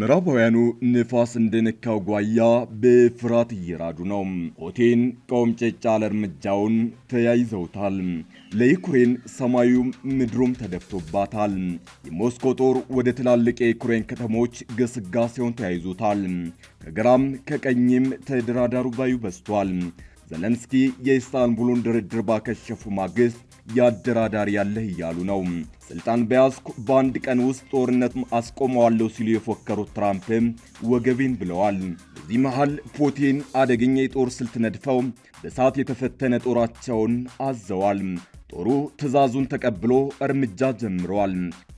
ምዕራባውያኑ ንፋስ እንደነካው ጓያ በፍርሃት እየራዱ ነው። ሆቴን ቆምጨጫ ያለ እርምጃውን ተያይዘውታል። ለዩክሬን ሰማዩ ምድሩም ተደፍቶባታል። የሞስኮ ጦር ወደ ትላልቅ የዩክሬን ከተሞች ግስጋሴውን ተያይዞታል። ከግራም ከቀኝም ተደራዳሩ ባዩ በዝቷል። ዘለንስኪ የኢስታንቡሉን ድርድር ባከሸፉ ማግስት የአደራዳሪ ያለህ እያሉ ነው። ስልጣን በያዝኩ በአንድ ቀን ውስጥ ጦርነት አስቆመዋለሁ ሲሉ የፎከሩት ትራምፕም ወገቤን ብለዋል። በዚህ መሃል ፑቲን አደገኛ የጦር ስልት ነድፈው በእሳት የተፈተነ ጦራቸውን አዘዋል። ጦሩ ትዕዛዙን ተቀብሎ እርምጃ ጀምረዋል።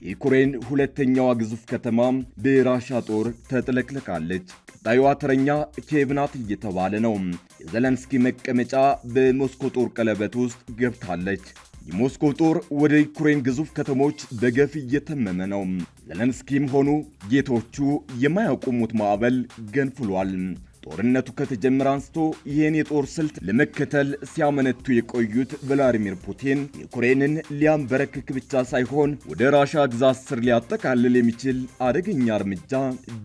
የዩክሬን ሁለተኛዋ ግዙፍ ከተማ በራሻ ጦር ተጥለቅልቃለች። ቀጣዩዋ ተረኛ ኬቭ ናት እየተባለ ነው። የዘለንስኪ መቀመጫ በሞስኮ ጦር ቀለበት ውስጥ ገብታለች። የሞስኮ ጦር ወደ ዩክሬን ግዙፍ ከተሞች በገፍ እየተመመ ነው። ዘለንስኪም ሆኑ ጌቶቹ የማያቆሙት ማዕበል ገንፍሏል። ጦርነቱ ከተጀመረ አንስቶ ይህን የጦር ስልት ለመከተል ሲያመነቱ የቆዩት ቭላዲሚር ፑቲን ዩክሬንን ሊያንበረክክ ብቻ ሳይሆን ወደ ራሻ ግዛት ስር ሊያጠቃልል የሚችል አደገኛ እርምጃ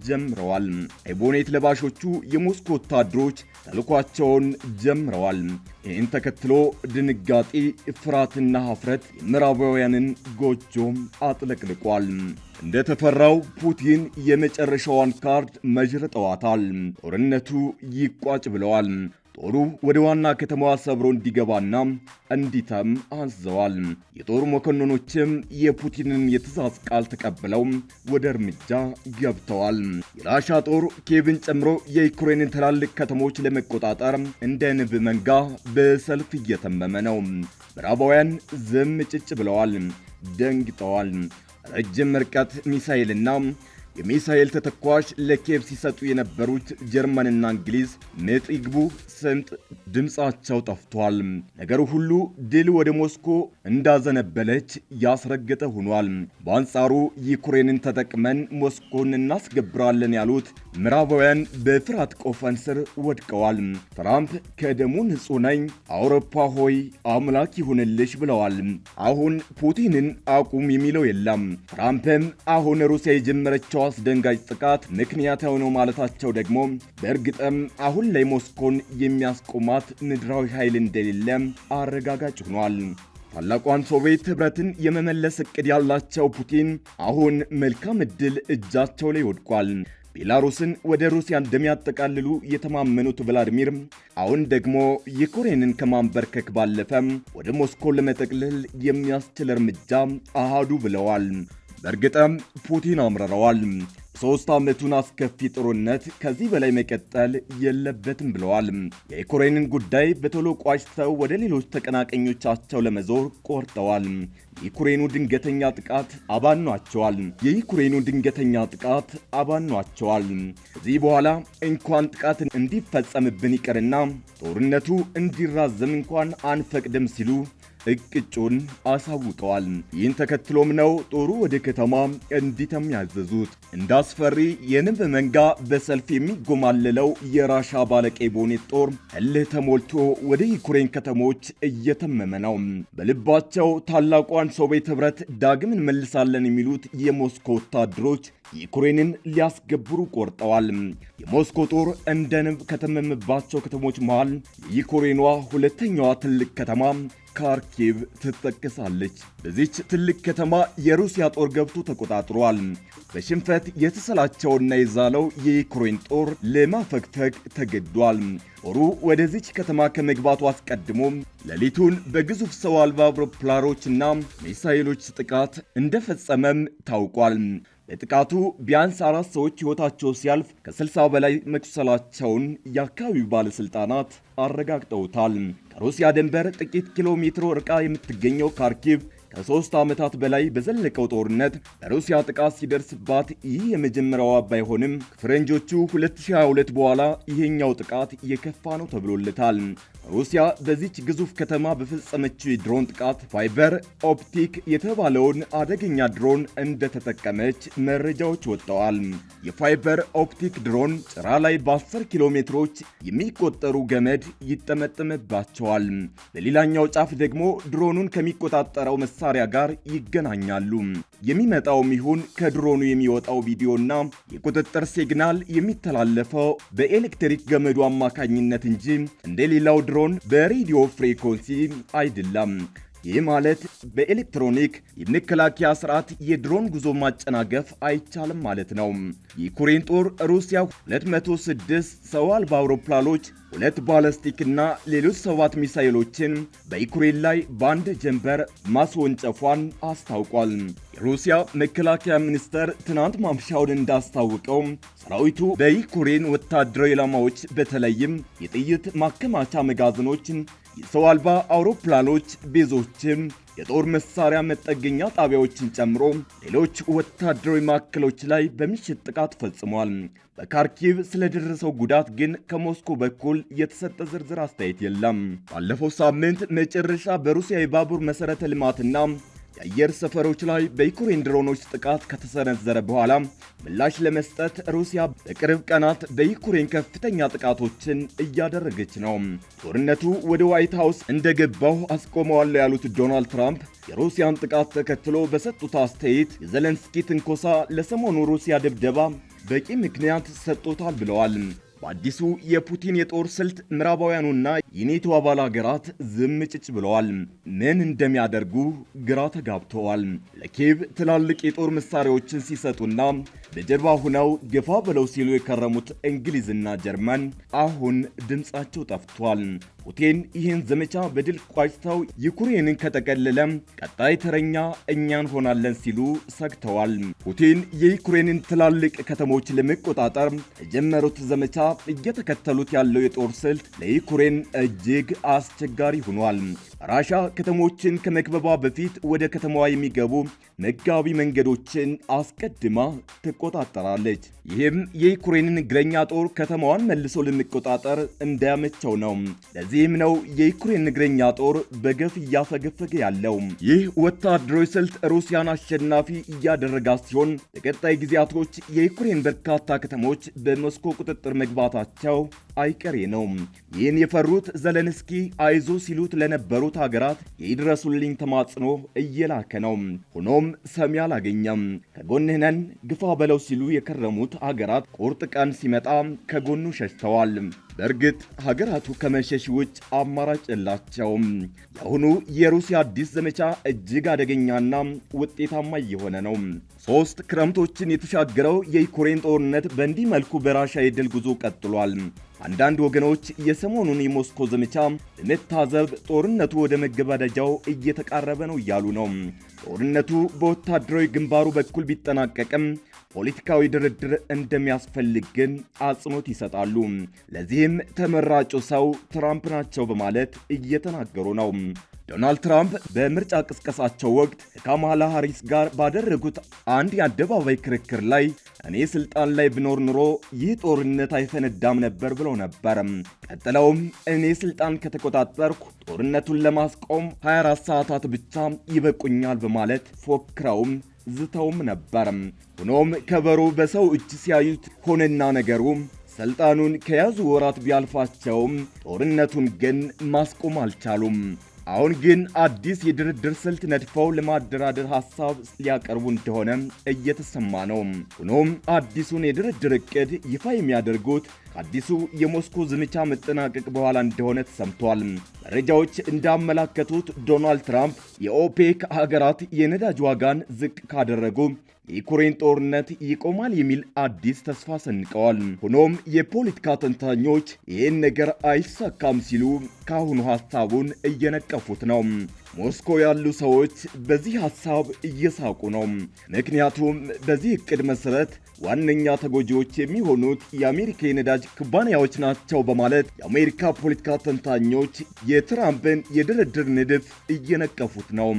ጀምረዋል። አይቦኔት ለባሾቹ የሞስኮ ወታደሮች ተልኳቸውን ጀምረዋል። ይህን ተከትሎ ድንጋጤ፣ ፍርሃትና ሀፍረት የምዕራባውያንን ጎጆም አጥለቅልቋል። እንደተፈራው ፑቲን የመጨረሻዋን ካርድ መዥርጠዋታል። ጦርነቱ ይቋጭ ብለዋል። ጦሩ ወደ ዋና ከተማዋ ሰብሮ እንዲገባና እንዲተም አዘዋል። የጦር መኮንኖችም የፑቲንን የትእዛዝ ቃል ተቀብለው ወደ እርምጃ ገብተዋል። የራሻ ጦር ኬቭን ጨምሮ የዩክሬንን ትላልቅ ከተሞች ለመቆጣጠር እንደ ንብ መንጋ በሰልፍ እየተመመ ነው። ምዕራባውያን ዝም ጭጭ ብለዋል፣ ደንግጠዋል። ረጅም ርቀት ሚሳይልና የሚሳኤል ተተኳሽ ለኬብ ሲሰጡ የነበሩት ጀርመንና እንግሊዝ ምጥ ይግቡ ስምጥ ድምፃቸው ጠፍቷል። ነገሩ ሁሉ ድል ወደ ሞስኮ እንዳዘነበለች ያስረገጠ ሆኗል። በአንጻሩ ዩክሬንን ተጠቅመን ሞስኮን እናስገብራለን ያሉት ምዕራባውያን በፍርሃት ቆፈን ስር ወድቀዋል። ትራምፕ ከደሙ ንጹህ ነኝ፣ አውሮፓ ሆይ አምላክ ይሁንልሽ ብለዋል። አሁን ፑቲንን አቁም የሚለው የለም። ትራምፕም አሁን ሩሲያ የጀመረችው አስደንጋጭ ጥቃት ምክንያት የሆነው ማለታቸው ደግሞ በእርግጥም አሁን ላይ ሞስኮን የሚያስቆማት ምድራዊ ኃይል እንደሌለ አረጋጋጭ ሆኗል። ታላቋን ሶቪየት ኅብረትን የመመለስ ዕቅድ ያላቸው ፑቲን አሁን መልካም ዕድል እጃቸው ላይ ወድቋል። ቤላሩስን ወደ ሩሲያ እንደሚያጠቃልሉ የተማመኑት ቭላዲሚር አሁን ደግሞ ዩክሬንን ከማንበርከክ ባለፈ ወደ ሞስኮ ለመጠቅለል የሚያስችል እርምጃ አሃዱ ብለዋል። በእርግጥም ፑቲን አምርረዋል። ሶስት ዓመቱን አስከፊ ጥሩነት ከዚህ በላይ መቀጠል የለበትም ብለዋል። የዩክሬንን ጉዳይ በቶሎ ቋጭተው ወደ ሌሎች ተቀናቃኞቻቸው ለመዞር ቆርጠዋል። የዩክሬኑ ድንገተኛ ጥቃት አባኗቸዋል። የዩክሬኑ ድንገተኛ ጥቃት አባኗቸዋል። ከዚህ በኋላ እንኳን ጥቃት እንዲፈጸምብን ይቅርና ጦርነቱ እንዲራዘም እንኳን አንፈቅድም ሲሉ እቅጩን አሳውቀዋል። ይህን ተከትሎም ነው ጦሩ ወደ ከተማ እንዲተም ያዘዙት። እንደ አስፈሪ የንብ መንጋ በሰልፍ የሚጎማለለው የራሻ ባለቀይ ቦኔት ጦር እልህ ተሞልቶ ወደ ዩክሬን ከተሞች እየተመመ ነው። በልባቸው ታላቋን ሶቪየት ኅብረት ዳግም እንመልሳለን የሚሉት የሞስኮ ወታደሮች ዩክሬንን ሊያስገብሩ ቆርጠዋል። የሞስኮ ጦር እንደ ንብ ከተመመባቸው ከተሞች መሃል የዩክሬኗ ሁለተኛዋ ትልቅ ከተማ ካርኪቭ ትጠቀሳለች። በዚች ትልቅ ከተማ የሩሲያ ጦር ገብቶ ተቆጣጥሯል። በሽንፈት የተሰላቸውና የዛለው የዩክሬን ጦር ለማፈግፈግ ተገዷል። ጦሩ ወደዚች ከተማ ከመግባቱ አስቀድሞ ሌሊቱን በግዙፍ ሰው አልባ አውሮፕላኖችና ሚሳይሎች ጥቃት እንደፈጸመም ታውቋል። በጥቃቱ ቢያንስ አራት ሰዎች ሕይወታቸው ሲያልፍ ከ በላይ መቁሰላቸውን የአካባቢው ባለሥልጣናት አረጋግጠውታል። ከሩሲያ ድንበር ጥቂት ኪሎ ሜትሮ ርቃ የምትገኘው ካርኪቭ ከሶስት ዓመታት በላይ በዘለቀው ጦርነት በሩሲያ ጥቃት ሲደርስባት ይህ የመጀመሪያዋ ባይሆንም ከፈረንጆቹ 2022 በኋላ ይሄኛው ጥቃት የከፋ ነው ተብሎለታል። ሩሲያ በዚች ግዙፍ ከተማ በፈጸመችው የድሮን ጥቃት ፋይበር ኦፕቲክ የተባለውን አደገኛ ድሮን እንደተጠቀመች መረጃዎች ወጥተዋል። የፋይበር ኦፕቲክ ድሮን ጭራ ላይ በ10 ኪሎ ሜትሮች የሚቆጠሩ ገመድ ይጠመጠምባቸዋል። በሌላኛው ጫፍ ደግሞ ድሮኑን ከሚቆጣጠረው መሳሪያ ጋር ይገናኛሉ። የሚመጣውም ይሁን ከድሮኑ የሚወጣው ቪዲዮና የቁጥጥር ሲግናል የሚተላለፈው በኤሌክትሪክ ገመዱ አማካኝነት እንጂ እንደሌላው ድሮ ኦምሮን በሬዲዮ ፍሪኮንሲ አይደለም። ይህ ማለት በኤሌክትሮኒክ የመከላከያ ስርዓት የድሮን ጉዞ ማጨናገፍ አይቻልም ማለት ነው። የዩክሬን ጦር ሩሲያ 206 ሰው አልባ አውሮፕላኖች፣ ሁለት ባለስቲክና ሌሎች ሰባት ሚሳይሎችን በዩክሬን ላይ በአንድ ጀንበር ማስወንጨፏን አስታውቋል። የሩሲያ መከላከያ ሚኒስቴር ትናንት ማምሻውን እንዳስታወቀው ሰራዊቱ በዩክሬን ወታደራዊ ኢላማዎች በተለይም የጥይት ማከማቻ መጋዘኖችን የሰው አልባ አውሮፕላኖች ቤዞችን የጦር መሳሪያ መጠገኛ ጣቢያዎችን ጨምሮ ሌሎች ወታደራዊ ማዕከሎች ላይ በምሽት ጥቃት ፈጽሟል። በካርኪቭ ስለደረሰው ጉዳት ግን ከሞስኮ በኩል የተሰጠ ዝርዝር አስተያየት የለም። ባለፈው ሳምንት መጨረሻ በሩሲያ የባቡር መሠረተ ልማትና የአየር ሰፈሮች ላይ በዩክሬን ድሮኖች ጥቃት ከተሰነዘረ በኋላ ምላሽ ለመስጠት ሩሲያ በቅርብ ቀናት በዩክሬን ከፍተኛ ጥቃቶችን እያደረገች ነው። ጦርነቱ ወደ ዋይት ሀውስ እንደገባው አስቆመዋለሁ ያሉት ዶናልድ ትራምፕ የሩሲያን ጥቃት ተከትሎ በሰጡት አስተያየት የዘለንስኪ ትንኮሳ ለሰሞኑ ሩሲያ ድብደባ በቂ ምክንያት ሰጥቶታል ብለዋል። በአዲሱ የፑቲን የጦር ስልት ምዕራባውያኑና የኔቶ አባል ሀገራት ዝም ጭጭ ብለዋል። ምን እንደሚያደርጉ ግራ ተጋብተዋል። ለኪየቭ ትላልቅ የጦር መሳሪያዎችን ሲሰጡና በጀርባ ሁነው ገፋ ብለው ሲሉ የከረሙት እንግሊዝና ጀርመን አሁን ድምፃቸው ጠፍቷል። ፑቲን ይህን ዘመቻ በድል ቋጭተው ዩክሬንን ከጠቀለለም ቀጣይ ተረኛ እኛ እንሆናለን ሲሉ ሰግተዋል። ፑቲን የዩክሬንን ትላልቅ ከተሞች ለመቆጣጠር የጀመሩት ዘመቻ እየተከተሉት ያለው የጦር ስልት ለዩክሬን እጅግ አስቸጋሪ ሆኗል። ራሻ ከተሞችን ከመክበቧ በፊት ወደ ከተማዋ የሚገቡ መጋቢ መንገዶችን አስቀድማ ተቆ ትቆጣጠራለች። ይህም የዩክሬንን እግረኛ ጦር ከተማዋን መልሶ ልንቆጣጠር እንዳያመቸው ነው። ለዚህም ነው የዩክሬን እግረኛ ጦር በገፍ እያፈገፈገ ያለው። ይህ ወታደራዊ ስልት ሩሲያን አሸናፊ እያደረጋት ሲሆን በቀጣይ ጊዜያቶች የዩክሬን በርካታ ከተሞች በሞስኮ ቁጥጥር መግባታቸው አይቀሬ ነው። ይህን የፈሩት ዘለንስኪ አይዞ ሲሉት ለነበሩት ሀገራት የይድረሱልኝ ተማጽኖ እየላከ ነው። ሆኖም ሰሚ አላገኘም። ከጎንህ ነን ግፋ በ ልቀበለው ሲሉ የከረሙት አገራት ቁርጥ ቀን ሲመጣ ከጎኑ ሸሽተዋል። በእርግጥ ሀገራቱ ከመሸሽ ውጭ አማራጭ የላቸውም። የአሁኑ የሩሲያ አዲስ ዘመቻ እጅግ አደገኛና ውጤታማ እየሆነ ነው። ሶስት ክረምቶችን የተሻገረው የዩክሬን ጦርነት በእንዲህ መልኩ በራሻ የድል ጉዞ ቀጥሏል። አንዳንድ ወገኖች የሰሞኑን የሞስኮ ዘመቻ ልንታዘብ፣ ጦርነቱ ወደ መገባደጃው እየተቃረበ ነው እያሉ ነው። ጦርነቱ በወታደራዊ ግንባሩ በኩል ቢጠናቀቅም ፖለቲካዊ ድርድር እንደሚያስፈልግ ግን አጽንኦት ይሰጣሉ። ለዚህም ተመራጩ ሰው ትራምፕ ናቸው በማለት እየተናገሩ ነው። ዶናልድ ትራምፕ በምርጫ ቅስቀሳቸው ወቅት ከካማላ ሃሪስ ጋር ባደረጉት አንድ የአደባባይ ክርክር ላይ እኔ ስልጣን ላይ ብኖር ኑሮ ይህ ጦርነት አይፈነዳም ነበር ብለው ነበር። ቀጥለውም እኔ ስልጣን ከተቆጣጠርኩ ጦርነቱን ለማስቆም 24 ሰዓታት ብቻ ይበቁኛል በማለት ፎክረውም ዝተውም ነበር። ሆኖም ከበሮ በሰው እጅ ሲያዩት ሆነና ነገሩ ስልጣኑን ከያዙ ወራት ቢያልፋቸውም ጦርነቱን ግን ማስቆም አልቻሉም። አሁን ግን አዲስ የድርድር ስልት ነድፈው ለማደራደር ሀሳብ ሊያቀርቡ እንደሆነ እየተሰማ ነው። ሆኖም አዲሱን የድርድር እቅድ ይፋ የሚያደርጉት ከአዲሱ የሞስኮ ዘመቻ መጠናቀቅ በኋላ እንደሆነ ተሰምቷል። መረጃዎች እንዳመላከቱት ዶናልድ ትራምፕ የኦፔክ ሀገራት የነዳጅ ዋጋን ዝቅ ካደረጉ የዩክሬን ጦርነት ይቆማል የሚል አዲስ ተስፋ ሰንቀዋል። ሆኖም የፖለቲካ ተንታኞች ይህን ነገር አይሳካም ሲሉ ከአሁኑ ሀሳቡን እየነቀፉት ነው። ሞስኮ ያሉ ሰዎች በዚህ ሀሳብ እየሳቁ ነው። ምክንያቱም በዚህ እቅድ መሰረት ዋነኛ ተጎጂዎች የሚሆኑት የአሜሪካ የነዳጅ ኩባንያዎች ናቸው በማለት የአሜሪካ ፖለቲካ ተንታኞች የትራምፕን የድርድር ንድፍ እየነቀፉት ነው።